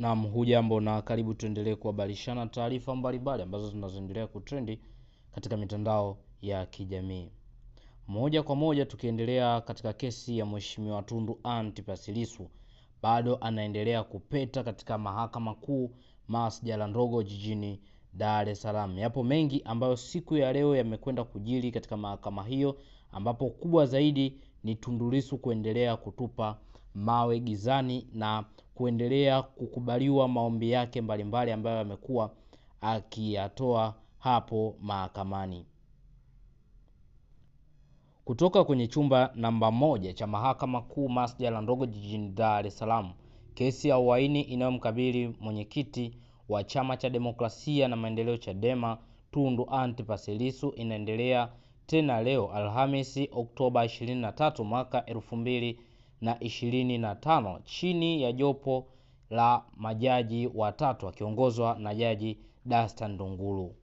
Naam, hujambo na karibu, tuendelee kuhabarishana taarifa mbalimbali ambazo zinazoendelea kutrendi katika mitandao ya kijamii. Moja kwa moja tukiendelea katika kesi ya Mheshimiwa Tundu Antipas Lissu, bado anaendelea kupeta katika Mahakama Kuu masjala ndogo jijini Dar es Salaam. Yapo mengi ambayo siku ya leo yamekwenda kujiri katika mahakama hiyo, ambapo kubwa zaidi ni Tundu Lissu kuendelea kutupa mawe gizani na kuendelea kukubaliwa maombi yake mbalimbali ambayo amekuwa akiyatoa hapo mahakamani. Kutoka kwenye chumba namba moja cha Mahakama Kuu Masjala ndogo jijini Dar es Salaam, kesi ya uaini inayomkabili mwenyekiti wa Chama cha Demokrasia na Maendeleo Chadema Tundu Antipas inaendelea tena leo Alhamisi Oktoba 23 mwaka na 25 chini ya jopo la majaji watatu akiongozwa na Jaji dastan Ndunguru.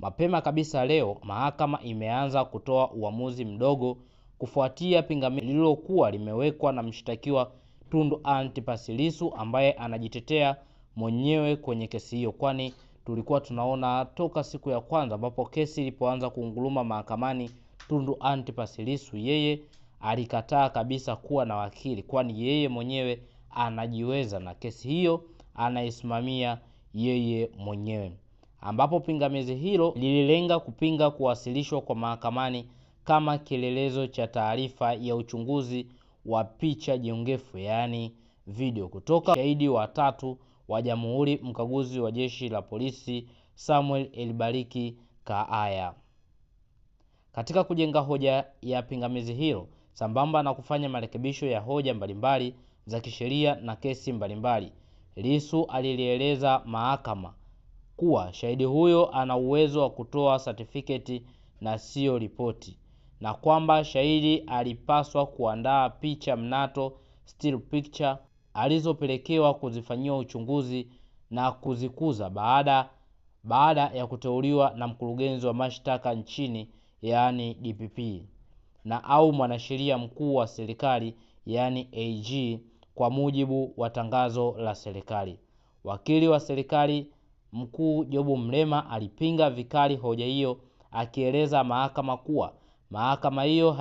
Mapema kabisa leo mahakama imeanza kutoa uamuzi mdogo kufuatia pingamizi lililokuwa limewekwa na mshtakiwa Tundu antipasilisu ambaye anajitetea mwenyewe kwenye kesi hiyo, kwani tulikuwa tunaona toka siku ya kwanza ambapo kesi ilipoanza kuunguluma mahakamani, Tundu antipasilisu yeye alikataa kabisa kuwa na wakili, kwani yeye mwenyewe anajiweza na kesi hiyo anaisimamia yeye mwenyewe, ambapo pingamizi hilo lililenga kupinga kuwasilishwa kwa mahakamani kama kielelezo cha taarifa ya uchunguzi wa picha jiongefu yaani video, kutoka shahidi watatu wa Jamhuri, mkaguzi wa jeshi la polisi Samuel elbariki Kaaya. Katika kujenga hoja ya pingamizi hilo, sambamba na kufanya marekebisho ya hoja mbalimbali za kisheria na kesi mbalimbali. lisu alilieleza mahakama kuwa shahidi huyo ana uwezo wa kutoa satifiketi na siyo ripoti, na kwamba shahidi alipaswa kuandaa picha mnato still picture alizopelekewa kuzifanyiwa uchunguzi na kuzikuza baada baada ya kuteuliwa na mkurugenzi wa mashtaka nchini yaani DPP na au mwanasheria mkuu wa serikali yani AG kwa mujibu wa tangazo la serikali. Wakili wa serikali mkuu Jobu Mrema alipinga vikali hoja hiyo akieleza mahakama kuwa mahakama hiyo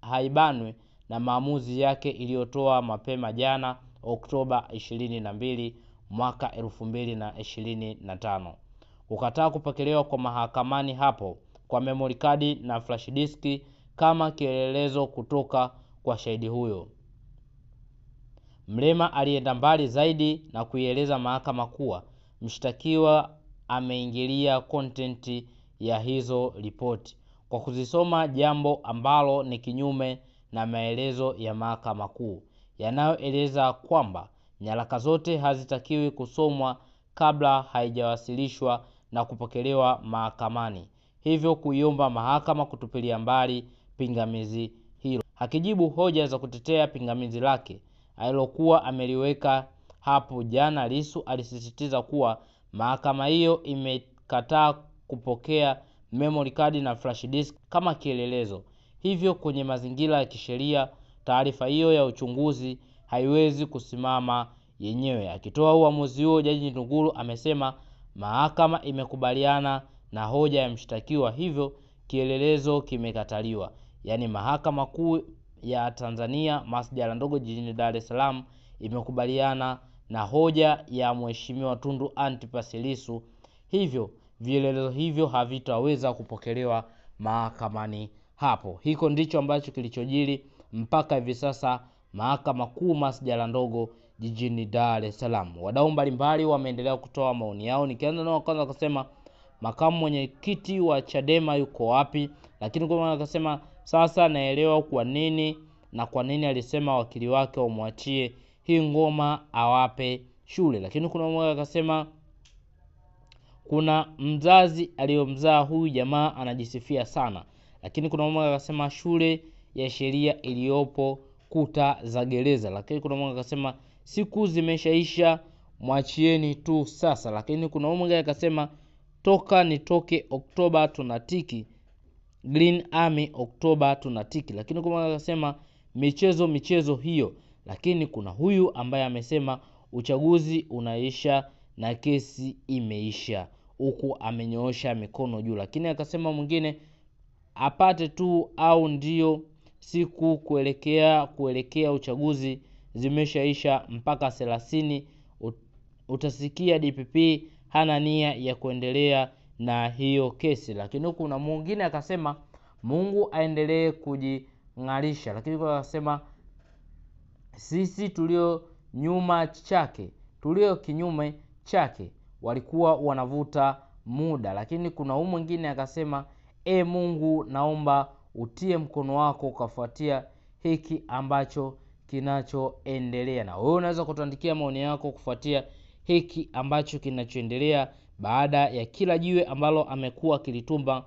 haibanwi na maamuzi yake iliyotoa mapema jana Oktoba 22 mwaka 2025. Kukataa kupokelewa kwa mahakamani hapo kwa memory card na flash diski kama kielelezo kutoka kwa shahidi huyo. Mrema alienda mbali zaidi na kuieleza mahakama kuwa mshtakiwa ameingilia kontenti ya hizo ripoti kwa kuzisoma, jambo ambalo ni kinyume na maelezo ya mahakama kuu yanayoeleza kwamba nyaraka zote hazitakiwi kusomwa kabla haijawasilishwa na kupokelewa mahakamani, hivyo kuiomba mahakama kutupilia mbali pingamizi hilo, akijibu hoja za kutetea pingamizi lake alilokuwa ameliweka hapo jana. lisu alisisitiza kuwa mahakama hiyo imekataa kupokea memory card na flash disk kama kielelezo, hivyo kwenye mazingira ya kisheria taarifa hiyo ya uchunguzi haiwezi kusimama yenyewe. Akitoa uamuzi huo, Jaji Nduguru amesema mahakama imekubaliana na hoja ya mshtakiwa, hivyo kielelezo kimekataliwa. Yaani Mahakama Kuu ya Tanzania masjala ndogo jijini Dar es Salaam imekubaliana na hoja ya Mheshimiwa Tundu antipasilisu hivyo vielelezo hivyo havitaweza kupokelewa mahakamani hapo. Hiko ndicho ambacho kilichojiri mpaka hivi sasa Mahakama Kuu masjala ndogo jijini Dar es Salaam. Wadau mbalimbali wameendelea kutoa maoni yao, nikianza nao kwanza kusema makamu mwenyekiti wa Chadema yuko wapi? Lakini Goma akasema sasa naelewa kwa nini na kwa nini alisema wakili wake wamwachie hii ngoma awape shule. Lakini kuna mmoja akasema kuna mzazi aliyomzaa huyu jamaa anajisifia sana. Lakini kuna mmoja akasema shule ya sheria iliyopo kuta za gereza. Lakini kuna mmoja akasema siku zimeshaisha, mwachieni tu sasa. Lakini kuna mmoja akasema toka nitoke Oktoba tunatiki, Green Army Oktoba tunatiki. Lakini kasema michezo michezo hiyo, lakini kuna huyu ambaye amesema uchaguzi unaisha na kesi imeisha, huku amenyoosha mikono juu. Lakini akasema mwingine apate tu, au ndio siku kuelekea kuelekea uchaguzi zimeshaisha mpaka thelathini, utasikia DPP hana nia ya kuendelea na hiyo kesi. Lakini kuna mwingine akasema Mungu aendelee kujing'arisha, lakini kwa akasema sisi tulio nyuma chake, tulio kinyume chake walikuwa wanavuta muda. Lakini kuna huyu mwingine akasema, e Mungu, naomba utie mkono wako ukafuatia hiki ambacho kinachoendelea. Na wewe unaweza kutuandikia maoni yako kufuatia hiki ambacho kinachoendelea baada ya kila jiwe ambalo amekuwa akilitumba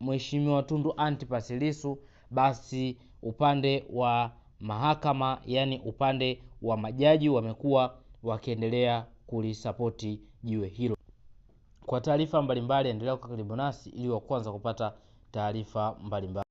Mheshimiwa Tundu antipasilisu basi upande wa mahakama, yaani upande wa majaji wamekuwa wakiendelea kulisapoti jiwe hilo. Kwa taarifa mbalimbali, endelea kwa karibu nasi ili wa kwanza kupata taarifa mbalimbali.